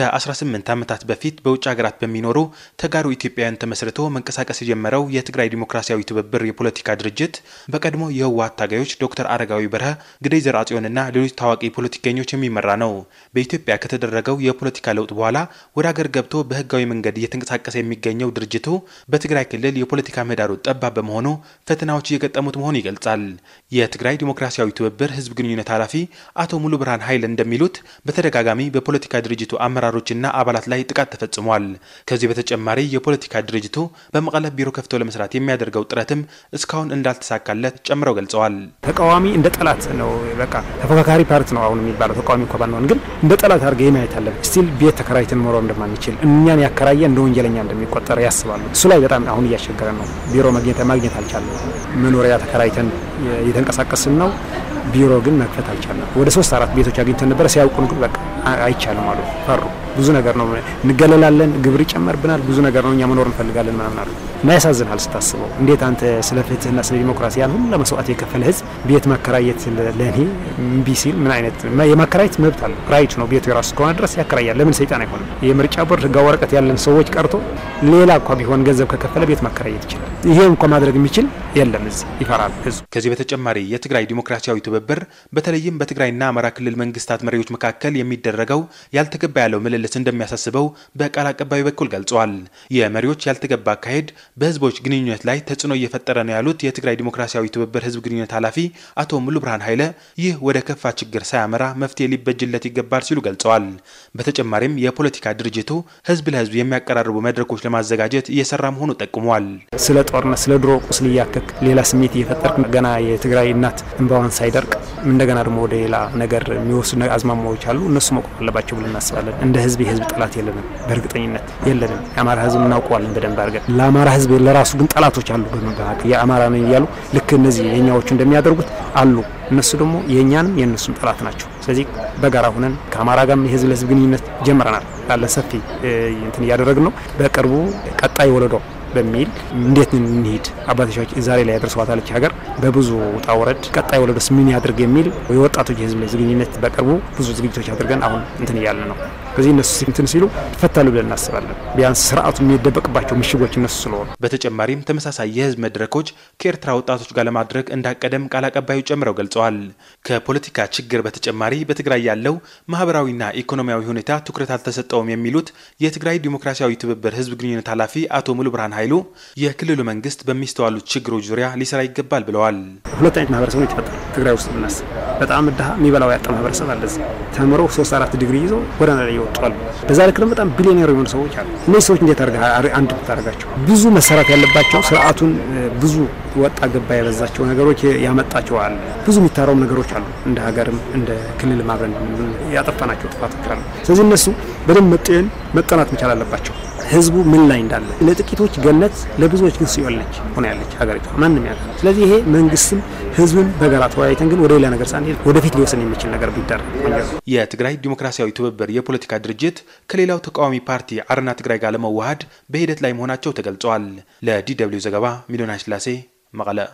ከ18 ዓመታት በፊት በውጭ ሀገራት በሚኖሩ ተጋሩ ኢትዮጵያውያን ተመስርቶ መንቀሳቀስ የጀመረው የትግራይ ዲሞክራሲያዊ ትብብር የፖለቲካ ድርጅት በቀድሞ የህወሀት ታጋዮች ዶክተር አረጋዊ በርሀ፣ ግደይ ዘርአጽዮንና ሌሎች ታዋቂ ፖለቲከኞች የሚመራ ነው። በኢትዮጵያ ከተደረገው የፖለቲካ ለውጥ በኋላ ወደ ሀገር ገብቶ በህጋዊ መንገድ እየተንቀሳቀሰ የሚገኘው ድርጅቱ በትግራይ ክልል የፖለቲካ ምህዳሩ ጠባብ በመሆኑ ፈተናዎች እየገጠሙት መሆኑ ይገልጻል። የትግራይ ዲሞክራሲያዊ ትብብር ህዝብ ግንኙነት ኃላፊ አቶ ሙሉ ብርሃን ኃይል እንደሚሉት በተደጋጋሚ በፖለቲካ ድርጅቱ አመራር አመራሮችና አባላት ላይ ጥቃት ተፈጽሟል። ከዚህ በተጨማሪ የፖለቲካ ድርጅቱ በመቀለ ቢሮ ከፍቶ ለመስራት የሚያደርገው ጥረትም እስካሁን እንዳልተሳካለት ጨምረው ገልጸዋል። ተቃዋሚ እንደ ጠላት ነው። በቃ ተፎካካሪ ፓርቲ ነው አሁን የሚባለው ተቃዋሚ እኮ ባንሆን ግን እንደ ጠላት አድርገ ማየት አለን። ስቲል ቤት ተከራይተን መኖር እንደማንችል እኛን ያከራየ እንደ ወንጀለኛ እንደሚቆጠር ያስባሉ። እሱ ላይ በጣም አሁን እያስቸገረን ነው። ቢሮ መግኘት ማግኘት አልቻለም። መኖሪያ ተከራይተን እየተንቀሳቀስን ነው። ቢሮ ግን መክፈት አልቻለም። ወደ ሶስት አራት ቤቶች አግኝተን ነበረ። ሲያውቁን ግን አይቻልም አሉ፣ ፈሩ። ብዙ ነገር ነው። እንገለላለን፣ ግብር ይጨመርብናል፣ ብዙ ነገር ነው። እኛ መኖር እንፈልጋለን ምናምን አሉ እና ያሳዝናል ስታስበው። እንዴት አንተ ስለ ፍትህና ስለ ዲሞክራሲ ያን ሁሉ ለመስዋዕት የከፈለ ህዝብ ቤት መከራየት ለእኔ እምቢ ሲል ምን አይነት የመከራየት መብት አለ? ራይት ነው። ቤቱ የራሱ እስከሆነ ድረስ ያከራያል። ለምን ሰይጣን አይሆንም? የምርጫ ቦርድ ህጋ ወረቀት ያለን ሰዎች ቀርቶ ሌላ እንኳ ቢሆን ገንዘብ ከከፈለ ቤት ማከራየት ይችላል። ይሄ እንኳ ማድረግ የሚችል የለም። እዚህ ይፈራል ህዝብ። ከዚህ በተጨማሪ የትግራይ ዲሞክራሲያዊ ትብብር በተለይም በትግራይና አማራ ክልል መንግስታት መሪዎች መካከል የሚደረገው ያልተገባ ያለው ምልል ምልልስ እንደሚያሳስበው በቃል አቀባዩ በኩል ገልጸዋል። የመሪዎች ያልተገባ አካሄድ በህዝቦች ግንኙነት ላይ ተጽዕኖ እየፈጠረ ነው ያሉት የትግራይ ዲሞክራሲያዊ ትብብር ህዝብ ግንኙነት ኃላፊ አቶ ሙሉ ብርሃን ኃይለ ይህ ወደ ከፋ ችግር ሳያመራ መፍትሄ ሊበጅለት ይገባል ሲሉ ገልጸዋል። በተጨማሪም የፖለቲካ ድርጅቱ ህዝብ ለህዝብ የሚያቀራርቡ መድረኮች ለማዘጋጀት እየሰራ መሆኑ ጠቁመዋል። ስለ ጦርነት ስለ ድሮ ቁስል እያከክ ሌላ ስሜት እየፈጠር ገና የትግራይ እናት እንባዋን ሳይደርቅ እንደገና ደግሞ ወደ ሌላ ነገር የሚወስዱ አዝማማዎች አሉ። እነሱ መቆም አለባቸው ብለን እናስባለን። ህዝብ የህዝብ ጠላት የለንም፣ በእርግጠኝነት የለንም። የአማራ ህዝብ እናውቀዋለን በደንብ አድርገን። ለአማራ ህዝብ ለራሱ ግን ጠላቶች አሉ። በመባል የአማራ ነኝ እያሉ ልክ እነዚህ የእኛዎቹ እንደሚያደርጉት አሉ። እነሱ ደግሞ የእኛንም የእነሱም ጠላት ናቸው። ስለዚህ በጋራ ሁነን ከአማራ ጋር የህዝብ ለህዝብ ግንኙነት ጀምረናል። ላለ ሰፊ እንትን እያደረግን ነው። በቅርቡ ቀጣይ ወለዶ በሚል እንዴት እንሂድ አባቶቻች ዛሬ ላይ ያደርሰዋታለች ሀገር በብዙ ውጣ ወረድ፣ ቀጣይ ወለዶስ ምን ያድርግ የሚል የወጣቶች የህዝብ ለህዝብ ግንኙነት በቅርቡ ብዙ ዝግጅቶች አድርገን አሁን እንትን እያለ ነው። በዚህ እነሱ እንትን ሲሉ ይፈታሉ ብለን እናስባለን። ቢያንስ ስርዓቱ የሚደበቅባቸው ምሽጎች እነሱ ስለሆኑ። በተጨማሪም ተመሳሳይ የህዝብ መድረኮች ከኤርትራ ወጣቶች ጋር ለማድረግ እንዳቀደም ቃል አቀባዩ ጨምረው ገልጸዋል። ከፖለቲካ ችግር በተጨማሪ በትግራይ ያለው ማህበራዊና ኢኮኖሚያዊ ሁኔታ ትኩረት አልተሰጠውም የሚሉት የትግራይ ዲሞክራሲያዊ ትብብር ህዝብ ግንኙነት ኃላፊ አቶ ሙሉ ብርሃን ኃይሉ የክልሉ መንግስት በሚስተዋሉት ችግሮች ዙሪያ ሊሰራ ይገባል ብለዋል። ሁለት አይነት ነው ይፈጠራል ትግራይ ውስጥ ብናስብ በጣም ድሃ የሚበላው ያጣ ማህበረሰብ አለ። ተምሮ ሶስት አራት ዲግሪ ይዞ ወደ የወጡ አሉ። በዛ ልክ ደግሞ በጣም ቢሊዮኔር የሆኑ ሰዎች አሉ። እነዚህ ሰዎች እንዴት አድርገህ አንድ ታደርጋቸው? ብዙ መሰራት ያለባቸው ስርዓቱን ብዙ ወጣ ገባ የበዛቸው ነገሮች ያመጣቸው አለ። ብዙ የሚታረሙ ነገሮች አሉ። እንደ ሀገርም እንደ ክልል ማብረን ያጠፋናቸው ጥፋቶች አሉ። ስለዚህ እነሱ በደንብ መጤን መጠናት መቻል አለባቸው። ህዝቡ ምን ላይ እንዳለ ለጥቂቶች ገነት፣ ለብዙዎች ግን ሲወለች ሆነ ያለች ሀገሪቷ ማንም ያ ስለዚህ ይሄ መንግስትም ህዝብን በጋራ ተወያይተን ግን ወደ ሌላ ነገር ሳንሄድ ወደፊት ሊወስን የሚችል ነገር ቢደረግ። የትግራይ ዲሞክራሲያዊ ትብብር የፖለቲካ ድርጅት ከሌላው ተቃዋሚ ፓርቲ አረና ትግራይ ጋር ለመዋሃድ በሂደት ላይ መሆናቸው ተገልጸዋል። ለዲ ደብልዩ ዘገባ ሚሊዮን ስላሴ መቀለ